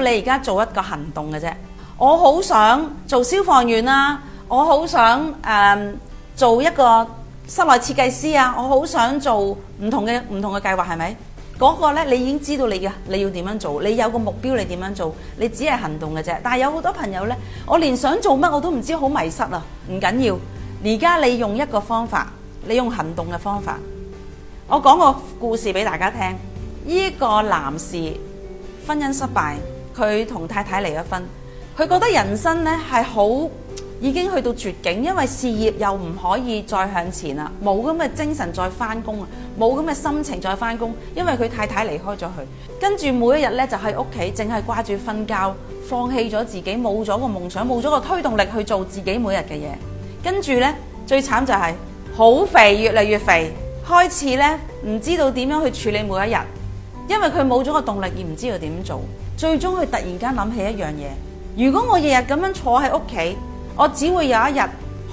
你而家做一個行動嘅啫，我好想做消防員啊，我好想誒、呃、做一個室內設計師啊，我好想做唔同嘅唔同嘅計劃，係咪？嗰、嗰個呢？你已經知道你嘅，你要點樣做？你有個目標，你點樣做？你只係行動嘅啫。但係有好多朋友呢，我連想做乜我都唔知，好迷失啊！唔緊要，而家你用一個方法，你用行動嘅方法。我講個故事俾大家聽。呢、呢個男士婚姻失敗。佢同太太離咗婚，佢覺得人生呢係好已經去到絕境，因為事業又唔可以再向前啦，冇咁嘅精神再翻工啊，冇咁嘅心情再翻工，因為佢太太離開咗佢，跟住每一日呢，就喺屋企，淨係掛住瞓覺，放棄咗自己，冇咗個夢想，冇咗個推動力去做自己每日嘅嘢。跟住呢，最慘就係好肥，越嚟越肥，開始呢唔知道點樣去處理每一日，因為佢冇咗個動力而唔知道點做。最終佢突然間諗起一樣嘢，如果我日日咁樣坐喺屋企，我只會有一日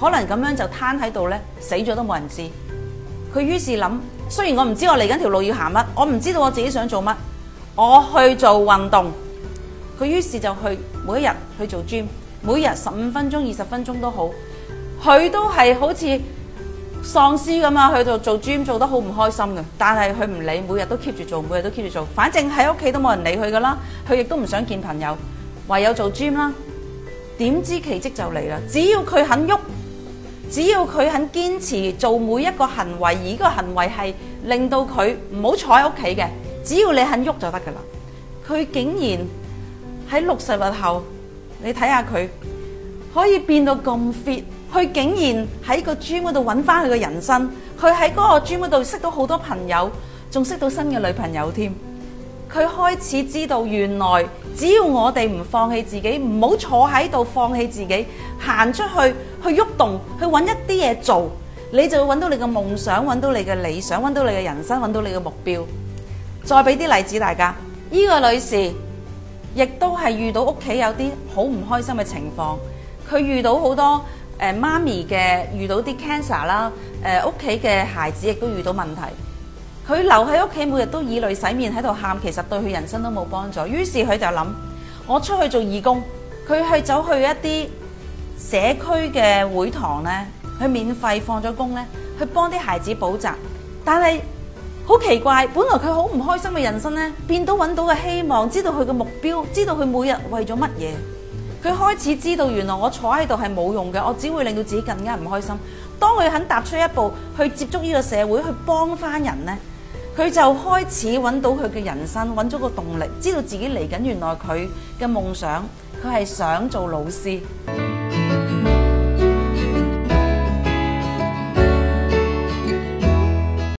可能咁樣就攤喺度呢，死咗都冇人知。佢於是諗，雖然我唔知我嚟緊條路要行乜，我唔知道我自己想做乜，我去做運動。佢於是就去每一日去做 gym，每日十五分鐘、二十分鐘都好，佢都係好似。喪屍咁啊，去度做 gym 做得好唔開心嘅，但係佢唔理，每日都 keep 住做，每日都 keep 住做，反正喺屋企都冇人理佢噶啦，佢亦都唔想見朋友，唯有做 gym 啦。點知奇蹟就嚟啦！只要佢肯喐，只要佢肯堅持做每一個行為，而呢個行為係令到佢唔好坐喺屋企嘅，只要你肯喐就得噶啦。佢竟然喺六十日後，你睇下佢可以變到咁 fit。佢竟然喺個 gym 嗰度搵翻佢嘅人生。佢喺嗰個 gym 嗰度識到好多朋友，仲識到新嘅女朋友添。佢開始知道，原來只要我哋唔放棄自己，唔好坐喺度放棄自己，行出去去喐動，去搵一啲嘢做，你就會搵到你嘅夢想，搵到你嘅理想，搵到你嘅人生，搵到你嘅目標。再俾啲例子，大家呢個女士亦都係遇到屋企有啲好唔開心嘅情況，佢遇到好多。誒媽咪，嘅遇到啲 cancer 啦，誒屋企嘅孩子亦都遇到問題，佢留喺屋企每日都以淚洗面喺度喊，其實對佢人生都冇幫助。於是佢就諗，我出去做義工，佢去走去一啲社區嘅會堂呢，去免費放咗工呢，去幫啲孩子補習。但係好奇怪，本來佢好唔開心嘅人生呢，變到揾到嘅希望，知道佢嘅目標，知道佢每日為咗乜嘢。佢開始知道，原來我坐喺度係冇用嘅，我只會令到自己更加唔開心。當佢肯踏出一步去接觸呢個社會，去幫翻人呢，佢就開始揾到佢嘅人生，揾咗個動力，知道自己嚟緊。原來佢嘅夢想，佢係想做老師。